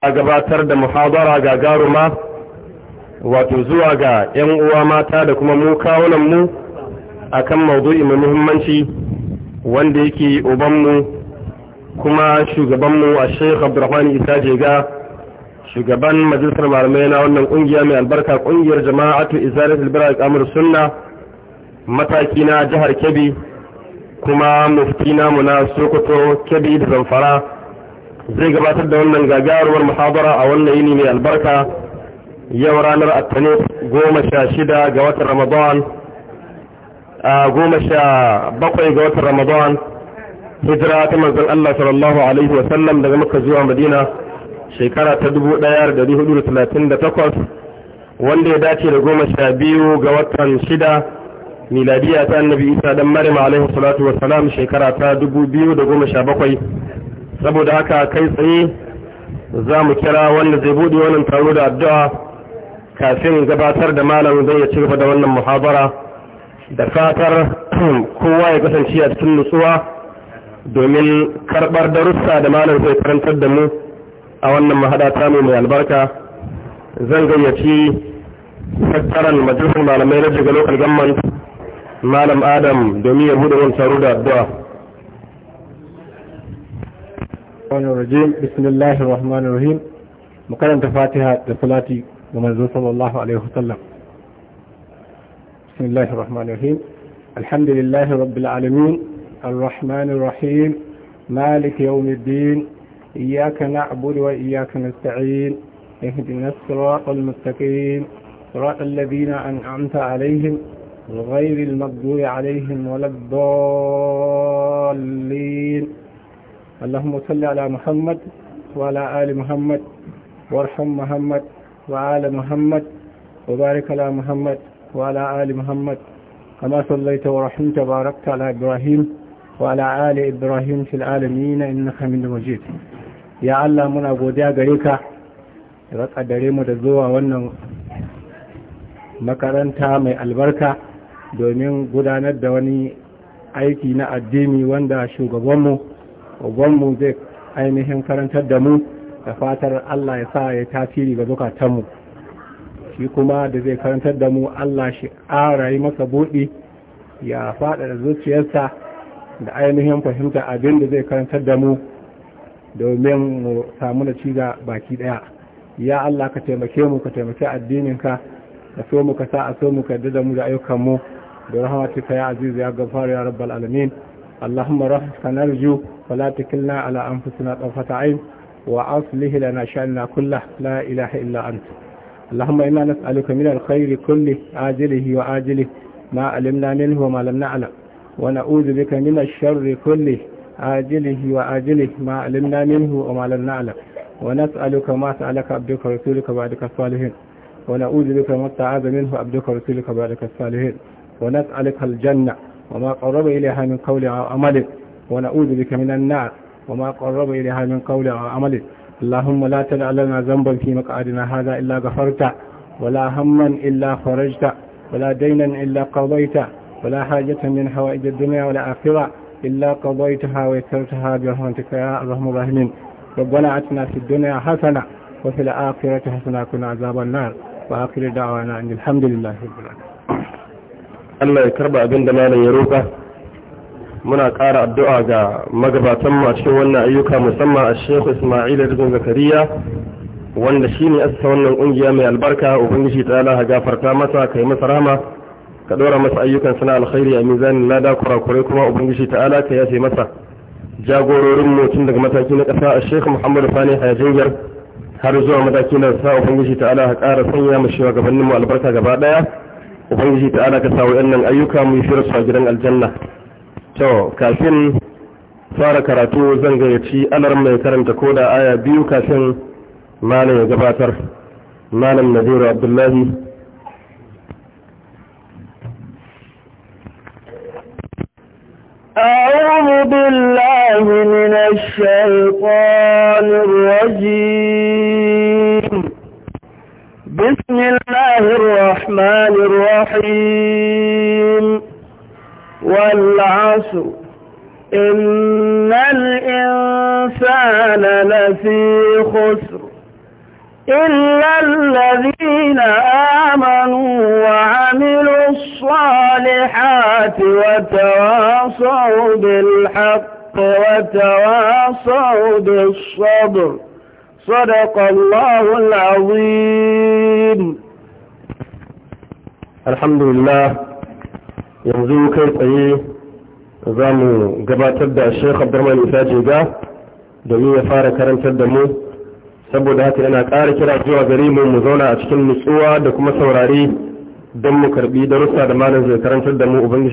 a gabatar da muhadara garuma wato zuwa ga 'yan uwa mata da kuma mu kawunanmu a kan mai muhimmanci wanda yake ubanmu kuma shugabanmu a sheikh abdurrahman isa jega shugaban majalisar malamai na wannan kungiya mai albarka kungiyar jama'atu isarar albira kamar sunna mataki na jihar kebbi kuma mufti namu na sokoto kebbi da zamfara zai gabatar da wannan gagarumar muhabara a wannan yini mai albarka yau ranar attani goma sha shida ga watan ramadan a goma sha bakwai ga watan ramadan hijira ta manzon Allah sallallahu alaihi wa sallam daga maka zuwa madina shekara ta dubu ɗaya da dari hudu da talatin da takwas wanda ya dace da goma sha biyu ga watan shida miladiya ta annabi isa dan maryam alaihi salatu wa salam shekara ta dubu biyu da goma sha bakwai. saboda haka kai tsaye za mu kira wanda zai buɗe wannan taro da addu'a kafin gabatar da malam zai ya ci gaba da wannan muhabara da fatar kowa ya kasance a cikin nutsuwa domin karɓar darussa da malam zai karantar da mu a wannan mahada ta mai albarka zan gayyaci tattaran majalisar malamai na jiga local government malam adam domin ya buɗe wani taro da addu'a الرحمن الرجيم بسم الله الرحمن الرحيم مقرن فاتحة لصلاتي ومنزول صلى الله عليه وسلم بسم الله الرحمن الرحيم الحمد لله رب العالمين الرحمن الرحيم مالك يوم الدين إياك نعبد وإياك نستعين اهدنا الصراط المستقيم صراط الذين أنعمت عليهم غير المقدور عليهم ولا الضالين اللهم صل على محمد وعلى آل محمد وارحم محمد وعلى محمد وبارك على محمد وعلى آل محمد كما صليت ورحمت باركت على إبراهيم وعلى آل إبراهيم في العالمين إنك من مجيد يا الله muna godiya gare ka da kaddare mu da zuwa wannan makaranta mai albarka domin gudanar da wani aiki na addini wanda shugabanmu ogonmu zai ainihin karantar da mu da fatar Allah ya sa ya tasiri ga zukatanmu shi kuma da zai karantar da mu Allah shi ara yi masa buɗi ya da zuciyarsa da ainihin fahimta abin da zai karantar da mu domin mu samu da ciga baki ɗaya ya Allah ka taimake mu ka taimake addininka da so mu ka sa a so mu ka da mu da ayyukanmu da rahmatika ya azizu ya gafara ya rabbal alamin اللهم رحمك نرجو ولا تكلنا على أنفسنا طرفة عين وأصله لنا شأننا كله لا إله إلا أنت اللهم إنا نسألك من الخير كله آجله وآجله ما علمنا منه وما لم نعلم ونعوذ بك من الشر كله آجله وآجله ما علمنا منه وما لم نعلم ونسألك ما سألك عبدك ورسولك بعدك الصالحين ونعوذ بك ما استعاذ منه عبدك ورسولك بعدك الصالحين ونسألك الجنة وما قرب إليها من قول أو عمل ونعوذ بك من النار وما قرب إليها من قول أو عمل اللهم لا تدع لنا ذنبا في مقعدنا هذا إلا غفرت ولا هما إلا فرجت ولا دينا إلا قضيت ولا حاجة من حوائج الدنيا ولا آخرة إلا قضيتها ويسرتها برحمتك يا أرحم الراحمين ربنا أتنا في الدنيا حسنة وفي الآخرة حسنة كنا عذاب النار وآخر دعوانا أن الحمد لله رب العالمين Allah ya karba abin da malam ya roƙa muna ƙara addu'a ga magabatan mu a cikin wannan ayyuka musamman a Sheikh Isma'il Rizwan Zakariya wanda ne asasa wannan kungiya mai albarka ubangiji ta Allah gafarta masa kai masa rahama ka dora masa ayyukan sana alkhairi a mizanin lada kurakurai kuma ubangiji ta Allah ka yafe masa jagororin mu daga mataki na ƙasa a Sheikh Muhammad Fani Hajjiyar har zuwa mataki na sa ubangiji ta Allah ka ƙara sanya mu shi gabanin mu albarka gaba daya ubangiji ta ala ka sa waɗannan ayyuka mu shirar su a gidan aljanna to kafin fara karatu zan gayyaci alar mai karanta ko da aya biyu kafin malam ya gabatar malam nadiru abdullahi أعوذ بالله من الشيطان الرجيم بسم الله الرحمن الرحيم والعصر إن الإنسان لفي خسر إلا الذين آمنوا وعملوا الصالحات وتواصوا بالحق وتواصوا بالصبر صدق الله العظيم alhamdulillah yanzu kai tsaye za mu gabatar da shekh abdurman isa jega domin ya fara karantar da mu saboda haka yana ƙara kira zuwa gari mu mu zauna a cikin nutsuwa da kuma saurari don mu karbi darussa da malam zai karantar da mu